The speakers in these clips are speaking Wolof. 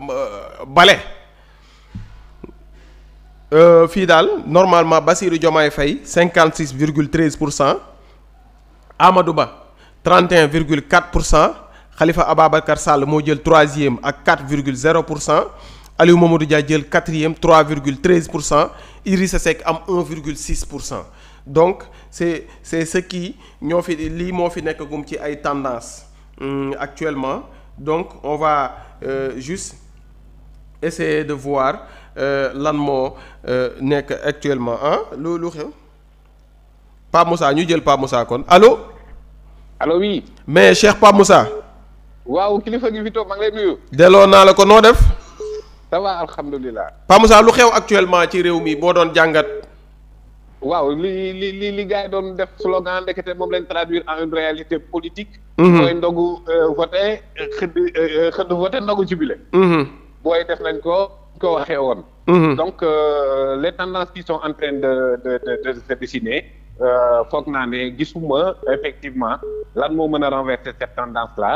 Euh, bale euh, fii daal normalement Bassirou Diomaye Faye cinquante six virgule treize pour cent Amadou Ba trente et un virgule pour cent Khalifa Ababacar Sall moo jël troisième ak quatre virgule zéro pour cent Aliou Mamadou Dia jël quatrième trois virgule treize pour cent Idrissa Seck am un virgule six pour cent donc c'est c'est ce ñoo fi lii moo fi nekk gum ci ay tendance actuellement donc on va euh, juste essayer de voir euh, lan moo euh, nekk actuellement ah lu lu xew Pape ñu jël Pape Moussa kon alo alo oui. mais Cheikh Pape Moussa. waaw kilifa gi fi toog maa ngi lay delloo naa la ko noo def. ça va alhamdulilah. Pape Moussa lu xew actuellement ci réew mi boo doon jàngat. waaw li li li li gars yi doon def slogan ndekete moom lañ traduire en une réalité politique. Mhm. mooy ndogu euh, voté xëdd xëdd voté ndogu ci bile. Mhm. booy def lañ ko ko waxee woon. Mhm. donc euh, les tendances qui sont en train de de de de se euh, foog naa ne gisuma effectivement lan moo mën a renverser cette tendance la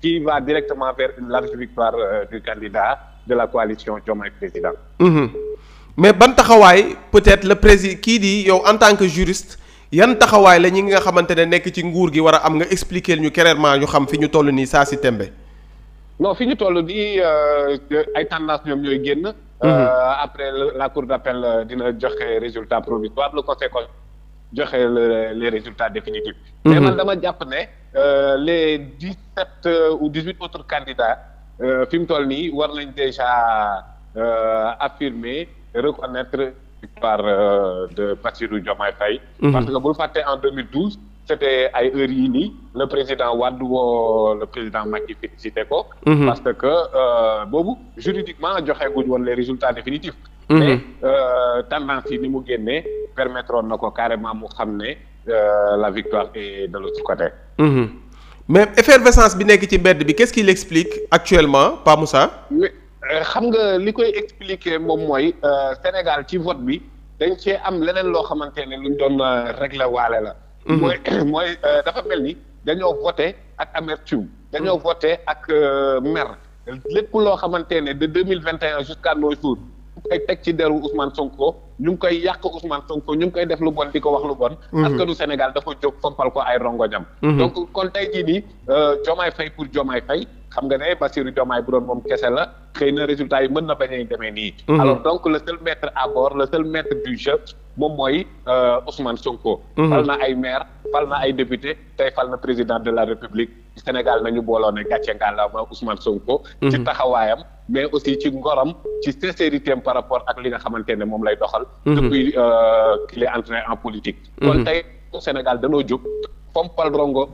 qui va directement vers une large victoire euh, du candidat de la coalition Diomaye Président. Mmh. mais ban taxawaay peut-être le président kii di yow en tant que juriste yan taxawaay la ñi nga xamante ne nekk ci nguur gi war a am nga expliquer ñu clairement ñu xam fi ñu toll nii saa si tembe non fi ñu toll nii euh, ay tendance ñoom ñooy génn. Mhm. Euh, après la cour d'appel euh, dina joxe résultat provisoire le conseil con joxe les résultat définitifs. Mhm. mais man dama jàpp ne les dix sept ou dix huit autres candidats fi mu toll nii war nañ déjà affirmer reconnaître victoire de Bassirou Diomaye Faye. Mhm. parce que bul fàtte en c'était ay heures yii nii le président Wade woo le président Macky félicité ko. Mhm. parce que euh, boobu juridiquement joxe guñ woon les résultats définitifs. Mhm. mais euh, tendance yi ni mu génnee permettre na ko carrément mu xam ne euh, la victoire est de l'autre côté. Mhm. mais effervescence bi nekk ci mbedd bi qu'est-ce qui l'explique actuellement Pa xam nga li koy expliquer moom mooy Sénégal ci vote bi dañ ce am leneen loo xamante ne luñ doon régler waale la. Mm-hmm. mooy mooy euh, dafa mel ni dañoo voté ak amertume dañoo mm-hmm. voté ak euh, mer lépp loo xamante ne de deux mille vingt et un jusqu'à nos jours ñu koy teg ci deru Ousmane Sonko ñu ngi koy yàq Ousmane Sonko ñu ngi koy def lu bon di ko wax lu bon mm-hmm. askanu Sénégal dafa jóg fompal ko ay rongoñam donc kon tey jii nii euh, Diomaye Faye pour Diomaye Faye xam nga ne Bassirou Diomaye bu doon moom kese la xëy na résultat yi mën na bañ a demee nii. Mhm. alors donc le seul maître à bord le seul maître du jeu moom mooy euh, Ousmane Sonko. Mhm. fal na ay maire fal na ay député tey fal na président de la République Sénégal nañu booloo ne gàcce ngàllaama Ousmane Sonko. Mhm. ci taxawaayam mais aussi ci ngoram ci sincérité par rapport ak li nga xamante ne moom lay doxal. depuis euh, qu'il est entré en politique. kon tey Sénégal danoo jóg. pompal rongo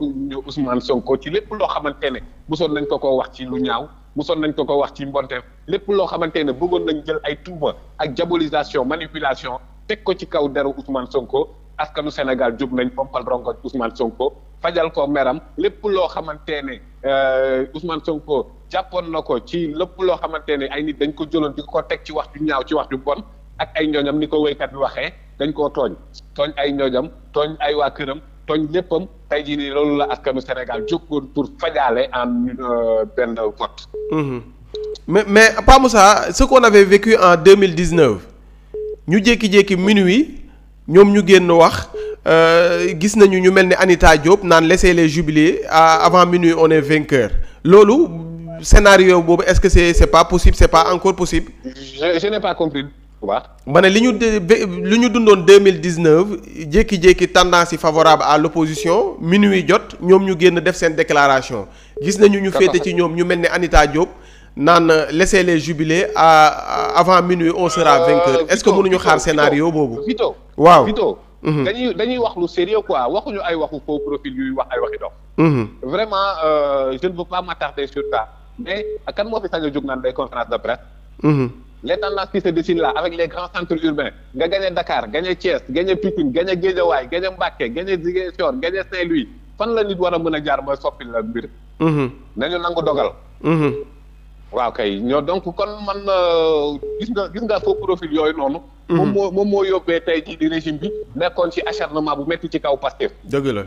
Ousmane Sonko ci lépp loo xamante ne mosoon nañ ko ko wax ci lu ñaaw mosoon nañ ko ko wax ci mbonte lépp loo xamante ne bëggoon nañ jël ay tuuma ak diabolisation manipulation teg ko ci kaw deru Ousmane Sonko askanu Sénégal jub nañ pompal rongo Ousmane Sonko fajal ko meram lépp loo xamante ne euh, Ousmane Sonko jàppoon na ko ci lépp loo xamante ne ay nit dañ ko jëloon di ko teg ci wax ju ñaaw ci wax ju bon ak ay ñooñam ni ko wéykat bi waxee dañ koo tooñ tooñ ay ñooñam tooñ ay waa këram tooñ léppam tey jii nii loolu la askanu Sénégal jóggoon pour fajaale en euh, benn vote. Mhm. mais mais Pa Moussa ce qu'on avait vécu en deux mille dix neuf ñu jékki-jékki minuit ñoom ñu génn wax euh, gis nañu ñu mel ni Anita Diop naan laissez les jubilés avant minuit on est vainqueur loolu scénario boobu est-ce que c'est c'est pas possible c'est pas encore possible. bu ma ne li ñu li ñu dundoon deux mille dix neuf jékki-jékki tendance favorable à l' opposition minuit jot ñoom ñu génn def seen déclaration gis nañu ñu féete ci ñoom ñu mel ni Anita Diop naan laissez les jubilés à avant minuit on sera euh, vainqueur est ce que mënuñu xaar scénario boobu. Vito waaw Vito. Mhm. dañuy dañuy wax lu sérieux quoi waxuñu ay waxu faux profil yuy wax ay waxi dox. Mhm. vraiment euh, je ne veux pas m'attarder sur kan moo fi sañ a jóg naan day conférence de presse. Mhm. les tendances qui se dessinent là avec les grands centres urbains nga gagné Dakar gagné Thiès gagné Pikine gagné Guédiawaye gagné Mbacké gagné Ziguinchor gagné Saint-Louis fan la nit war a mën a jaar mooy soppi la mbir. Mhm. nañu nangu dogal. Mhm. waaw kay ñoo donc kon man euh, gis nga gis nga faux profil yooyu noonu. Mhm. moom moo moom moo yóbbee tey jii di régime bi nekkoon ci acharnement bu métti ci kaw Pastef. dëgg la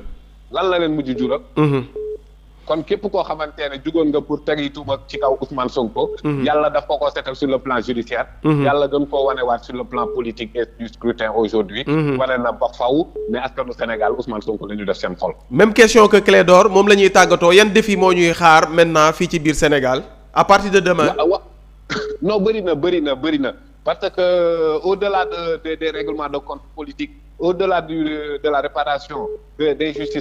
lan la leen mujj jural. kon képp koo xamante ne jugoon nga pour tegi tuuma ci kaw Ousmane Sonko. Mhm. yàlla daf ko ko setal sur le plan judiciaire. Mhm. yàlla gën koo wanewaat sur le plan politique et du scrutin aujourd'hui mhm. wane na ba faw mais askanu Sénégal Ousmane Sonko la ñu def seen xol. même question que Clédor moom la ñuy tàggatoo yan défi moo ñuy xaar maintenant fii ci biir Sénégal à partir de demain. wa non bëri na bëri na bëri na parce que euh, au-delà de des des règlements de compte politique au-delà du de la réparation des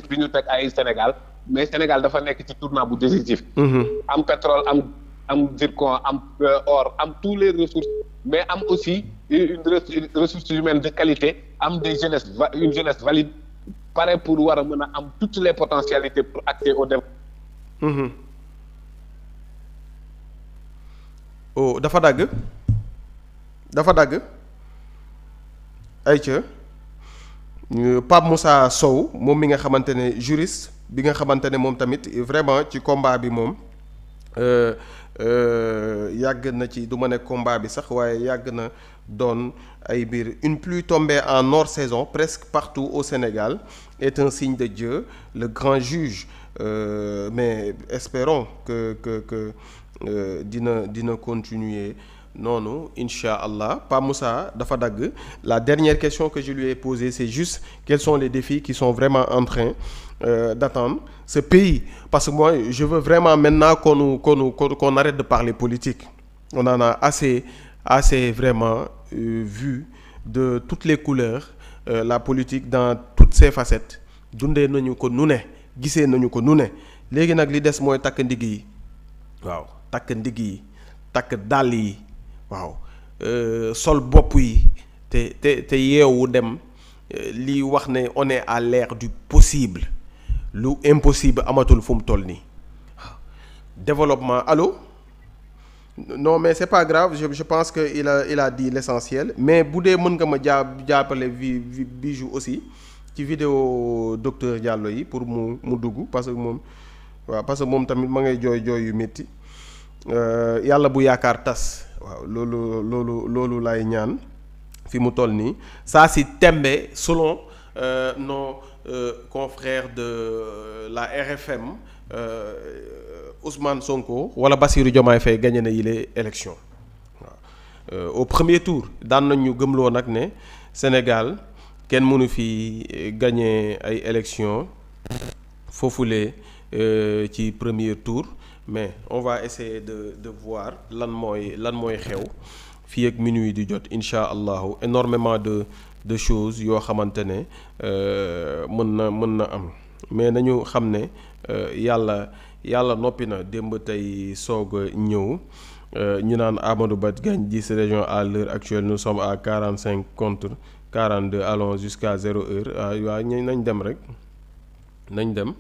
bi ñu teg Sénégal. mais Sénégal dafa nekk ci tournant bu décisif. Mhm. am pétrole am am zircon am euh, or am tous les ressources mais am aussi une ressource humaine de qualité am des jeunesse une jeunesse valide pare pour war a mën a am toutes les potentialités pour accès au développement. Mhm. oh dafa dagg dafa dagg ayca euh, Pape Moussa Sow moom mi nga xamante ne juriste. bi nga xamante ne moom tamit vraiment ci combat bi moom euh, euh, yàgg na ci du ma ne combat bi sax waaye yàgg na doon ay biir une pluie tombée en hors saison presque partout au Sénégal est un signe de Dieu le grand juge euh, mais espérons que que que euh, dina dina continuer noonu incha allah Pa Moussa dafa dagg la dernière question que je lui ai posée c'est juste quels sont les défis qui sont vraiment en train euh, d'attendre ce pays parce que moi je veux vraiment maintenant qu'on nous qu'on nous qu'on arrête de parler politique on en a assez vraiment euh, vu de toutes les couleurs euh, la politique dans toutes ses facettes dundee nañu ko nu ne gisee nañu ko nu ne léegi nag li des mooy takk ndigg yi waaw takk ndigg yi takk dàll yi waaw euh, sol bopp yi te te te yeewu dem euh, li wax ne on à l'ère du possible lu impossible amatul fu mu toll nii développement alo no mais c'est pas grave je pense que il a il a dit l'essentiel mais bu dee mën nga ma jaa jàppale vi bijou aussi ci vidéo docteur Diallo yi pour mu mu dugg parce que moom waa parce que moom tamit mu ngay jooy jooy yu métti euh, yàlla bu yaakaar tas. waaw loolu loolu loolu laay ñaan fi mu toll nii saa si tembe selon euh, nos euh, de euh, la RFM euh, Ousmane Sonko wala Bassirou Diomaye Faye gagné na yile élection waaw euh, au premier tour daan nañ ñu gëmloo nag ne Sénégal kenn mënu fi gagné ay élection foofulee Euh, ci premier tour mais on va essayer de de voir lan mooy lan mooy xew fii ak minuit di jot incha allahu énormément de de chose yoo xamante ne euh, mën na mën na am mais nañu xam ne euh, yàlla yàlla noppi na démb tey soog a ñëw ñu naan Amadou Ba gagne se région à l'heure actuelle nous sommes à quarante cinq contre quarante deux allons jusqu'à zéro heure ah, waaw waaw nañ dem rek nañ dem.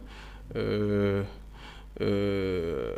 %e